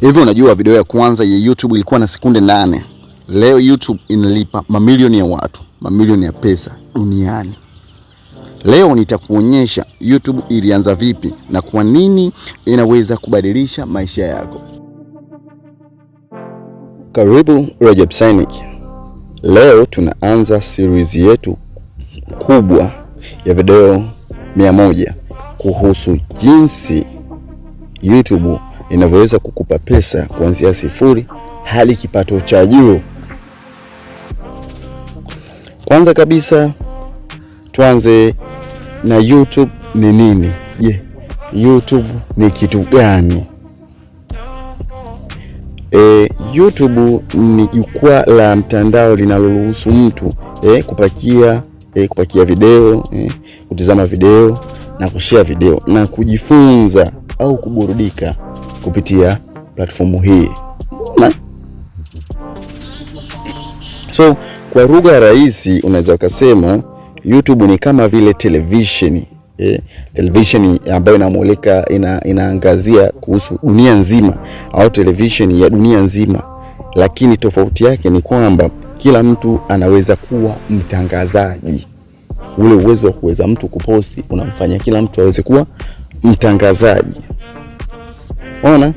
Hivi unajua video ya kwanza ya YouTube ilikuwa na sekunde nane. Leo YouTube inalipa mamilioni ya watu, mamilioni ya pesa duniani. Leo nitakuonyesha YouTube ilianza vipi na kwa nini inaweza kubadilisha maisha yako. Karibu Rajab Synic. Leo tunaanza series yetu kubwa ya video mia moja kuhusu jinsi YouTube inavyoweza kukupa pesa kuanzia sifuri hadi kipato cha juu. Kwanza kabisa tuanze na YouTube ni nini? Je, YouTube ni kitu gani? E, YouTube ni jukwaa la mtandao linaloruhusu mtu e, kupakia e, kupakia video e, kutizama video na kushare video na kujifunza au kuburudika kupitia platformu hii. So kwa lugha ya rahisi unaweza ukasema YouTube ni kama vile televisheni eh, televisheni ambayo inamulika ina, inaangazia kuhusu dunia nzima au televisheni ya dunia nzima, lakini tofauti yake ni kwamba kila mtu anaweza kuwa mtangazaji. Ule uwezo wa kuweza mtu kuposti unamfanya kila mtu aweze kuwa mtangazaji. Unaona?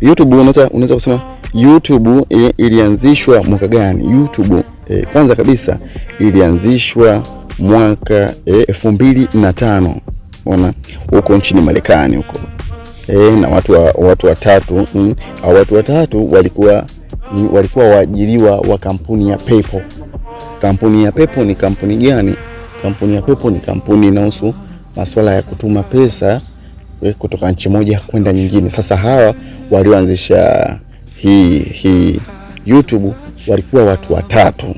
YouTube unaweza unaweza kusema YouTube e, ilianzishwa mwaka gani? YouTube e, kwanza kabisa ilianzishwa mwaka eh, elfu mbili na tano ona huko nchini Marekani huko e, na watu wa, watu watatu mm, watu watatu walikuwa walikuwa waajiriwa wa kampuni ya PayPal. Kampuni ya PayPal ni kampuni gani? Kampuni ya PayPal ni kampuni inahusu masuala ya kutuma pesa Eh, kutoka nchi moja kwenda nyingine. Sasa hawa walioanzisha hii hii YouTube walikuwa watu watatu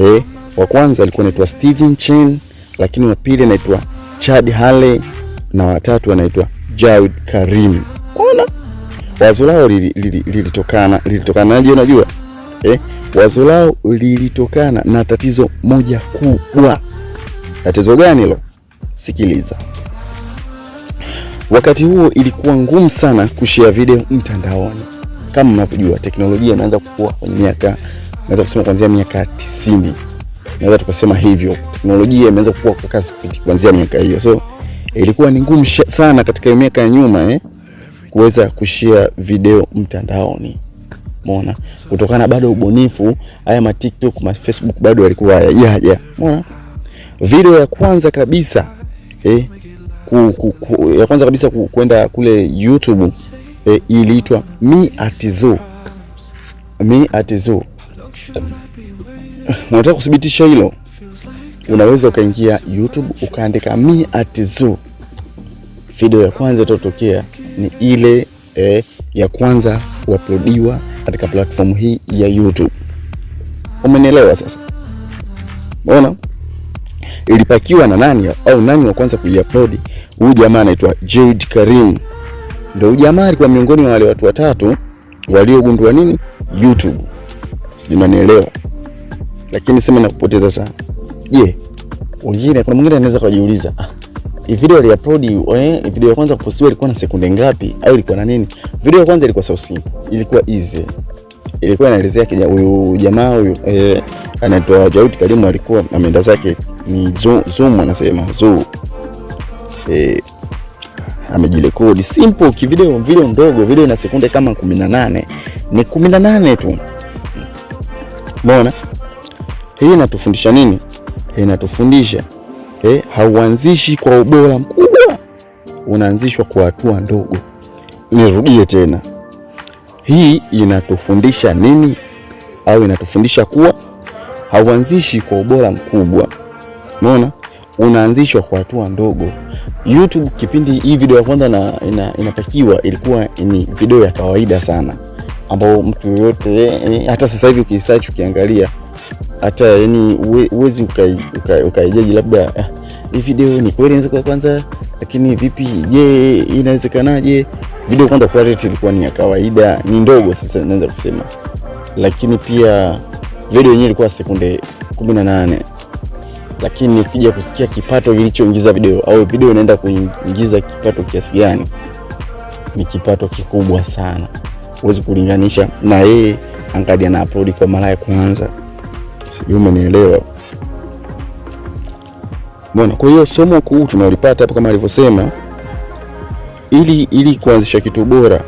e, wa kwanza alikuwa anaitwa Steven Chen, lakini wa pili anaitwa Chad Hale na watatu anaitwa Jawed Karim. Ona wazo lao lilitokana naje, Unajua eh, wazo lao lilitokana na tatizo moja kubwa. Tatizo gani hilo? Sikiliza. Wakati huo ilikuwa ngumu sana kushare video mtandaoni. Kama mnavyojua teknolojia inaanza kukua kwenye miaka naweza kusema kuanzia miaka tisini, naweza tukasema hivyo, teknolojia imeanza kukua kwa kasi kuanzia miaka hiyo. So ilikuwa ni ngumu sana katika miaka ya nyuma eh, kuweza kushare video mtandaoni. Umeona, kutokana bado ubunifu haya ma TikTok ma Facebook bado yalikuwa hayajaja. Umeona, video ya kwanza kabisa eh, ku, ku, ku, ya kwanza kabisa kwenda kule YouTube e, iliitwa Mi at Zoo. Mi at Zoo. Unataka kudhibitisha hilo, unaweza ukaingia YouTube ukaandika Mi at Zoo. Video ya kwanza itatokea ni ile e, ya kwanza kuaplodiwa katika platform hii ya YouTube. Umenielewa sasa? Umeona? ilipakiwa na nani au nani wa kwanza kuiupload? Huyu jamaa anaitwa Jade Karim, ndio huyu jamaa alikuwa miongoni mwa wale watu watatu waliogundua nini YouTube, unanielewa? Lakini sema na kupoteza sana. Je, wengine, kuna mwingine anaweza kujiuliza ah, video ile upload eh, video ya kwanza kupostiwa ilikuwa na sekunde ngapi au ilikuwa na nini? Video ya kwanza ilikuwa so simple, ilikuwa easy, ilikuwa inaelezea huyu jamaa huyu eh anaitwa Jaut Karimu, alikuwa ameenda zake ni Zoom, anasema zoo eh, amejirekodi simple kivideo, video ndogo, video ina sekunde kama 18 ni 18 tu. Umeona, hii inatufundisha nini? Hii inatufundisha eh, hauanzishi kwa ubora mkubwa, unaanzishwa kwa hatua ndogo. Nirudie tena, hii inatufundisha nini? Au inatufundisha kuwa hauanzishi kwa ubora mkubwa, Unaona, unaanzishwa kwa hatua ndogo. YouTube kipindi hii video ya kwanza na ina, inatakiwa ilikuwa ni video ya kawaida sana ambao mtu yoyote hata sasa hivi ukisearch ukiangalia hata yani uwezi ukaijaji uka, uka labda ah, hii video ni kweli inaweza kwa kwanza, lakini vipi, je, inawezekanaje? Video kwanza kwa ilikuwa ni ya kawaida, ni ndogo, sasa naweza kusema, lakini pia video yenyewe ilikuwa sekunde 18, lakini ukija kusikia kipato kilichoingiza video au video inaenda kuingiza kipato kiasi gani, ni kipato kikubwa sana, huwezi kulinganisha na yeye angali ana upload kwa mara ya kwanza. Sijui umenielewa mbona. Kwa hiyo somo kuu tunalipata hapo kama alivyosema, ili ili kuanzisha kitu bora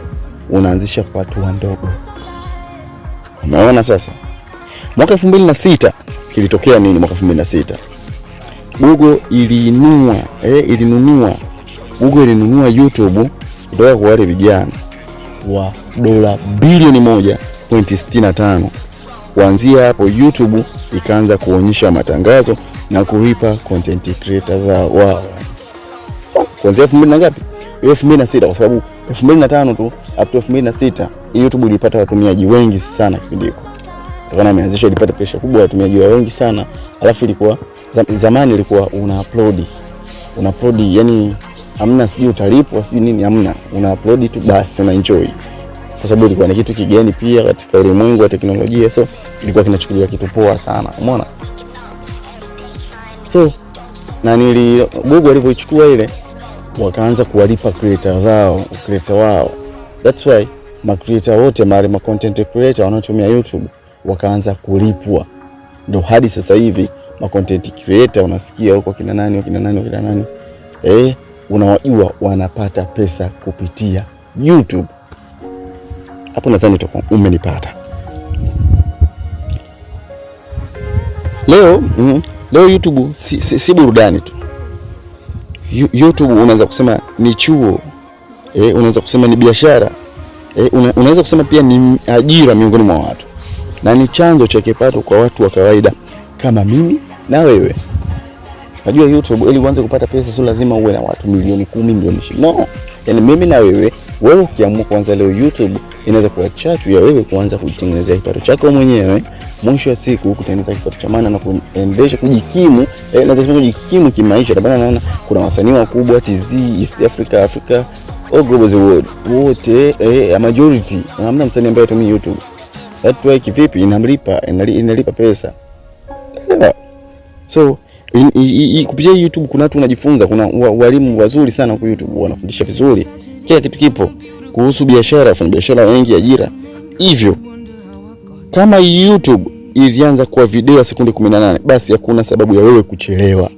unaanzisha kwa hatua ndogo. Unaona sasa. Mwaka 2006 kilitokea nini? Mwaka 2006 Google ilinunua eh, ilinunua Google ilinunua YouTube kutoka kwa wale vijana wa dola bilioni moja pointi sitini na tano. Kuanzia hapo YouTube ikaanza kuonyesha matangazo na kulipa content za wao kuanzia elfu mbili na ngapi? elfu mbili na sita kwa sababu elfu mbili na tano tu up to elfu mbili na sita YouTube ilipata watumiaji wengi sana kipindi hiko ndio yaani imeanzisha, ilipata presha kubwa, watumiaji wa wengi sana. Alafu ilikuwa zamani ilikuwa una upload una upload, yani hamna sijui utalipwa sijui nini, hamna, una upload tu basi, una enjoy, kwa sababu ilikuwa ni kitu kigeni pia katika ulimwengu wa teknolojia, so ilikuwa kinachukuliwa kitu poa sana, umeona. So na nili Google alivyoichukua ile, wakaanza kuwalipa creator zao creator wao, that's why ma creator wote mali ma content creator wanaotumia YouTube wakaanza kulipwa, ndo hadi sasa hivi ma content creator unasikia huko kina nani kina nani kina nani eh, unawajua wanapata pesa kupitia YouTube. Hapo nadhani utakuwa umenipata leo. Mm, leo YouTube si, si, si burudani tu. YouTube unaweza kusema ni chuo eh, unaweza kusema ni biashara eh, unaweza kusema pia ni ajira miongoni mwa watu na ni chanzo cha kipato kwa watu wa kawaida kama mimi na wewe. Najua YouTube ili uanze kupata pesa sio lazima uwe na watu milioni kumi, milioni ishirini. No. Yaani mimi na wewe, wewe ukiamua kuanza leo YouTube inaweza kuwa chachu ya wewe kuanza kujitengenezea kipato chako mwenyewe, mwisho wa siku kutengeneza kipato cha maana na kuendesha kujikimu, eh, na kusema kujikimu kimaisha. Ndio maana naona kuna wasanii wakubwa TZ, East Africa, Africa, all global the world. Wote eh, a majority. Hamna msanii ambaye atumii YouTube network vipi inamlipa, inalipa pesa yeah. So kupitia YouTube kuna watu wanajifunza, kuna walimu wazuri sana kwa YouTube wanafundisha vizuri, kila kitu kipo kuhusu biashara, wafanya biashara wengi, ajira. Hivyo kama YouTube ilianza kwa video ya sekunde 18, basi hakuna sababu ya wewe kuchelewa,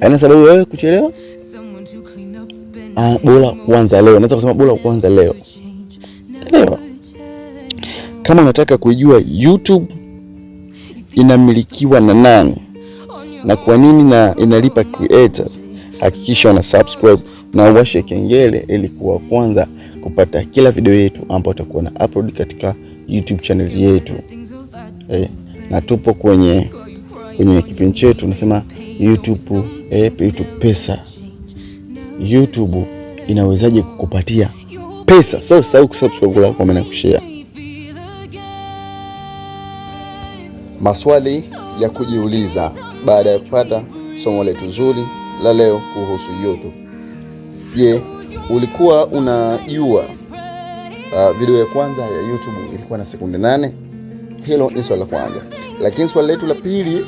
haina sababu ya wewe kuchelewa. Ah, bora kuanza leo, naweza kusema bora kuanza leo, elewa kama unataka kujua YouTube inamilikiwa na nani na kwa nini na inalipa creators, hakikisha una subscribe na uwashe kengele ili kuwa kwanza kupata kila video yetu ambayo utakuwa na upload katika YouTube channel yetu eh, na tupo kwenye kwenye kipindi chetu nasema YouTube, eh, YouTube pesa. YouTube inawezaje kukupatia pesa? So usahau kusubscribe, kulike, comment na kushare. Maswali ya kujiuliza baada ya kupata somo letu zuri la leo kuhusu YouTube. Je, ulikuwa unajua uh, video ya kwanza ya YouTube ilikuwa na sekunde nane? Hilo ni swali la kwanza, lakini swali letu la pili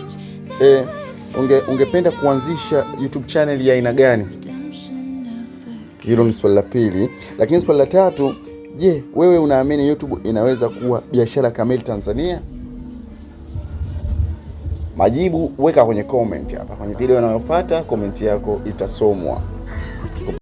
eh, unge, ungependa kuanzisha YouTube channel ya aina gani? Hilo ni swali la pili, lakini swali la tatu, je, wewe unaamini YouTube inaweza kuwa biashara kamili Tanzania? Majibu weka kwenye comment hapa kwenye video inayofuata, comment yako itasomwa.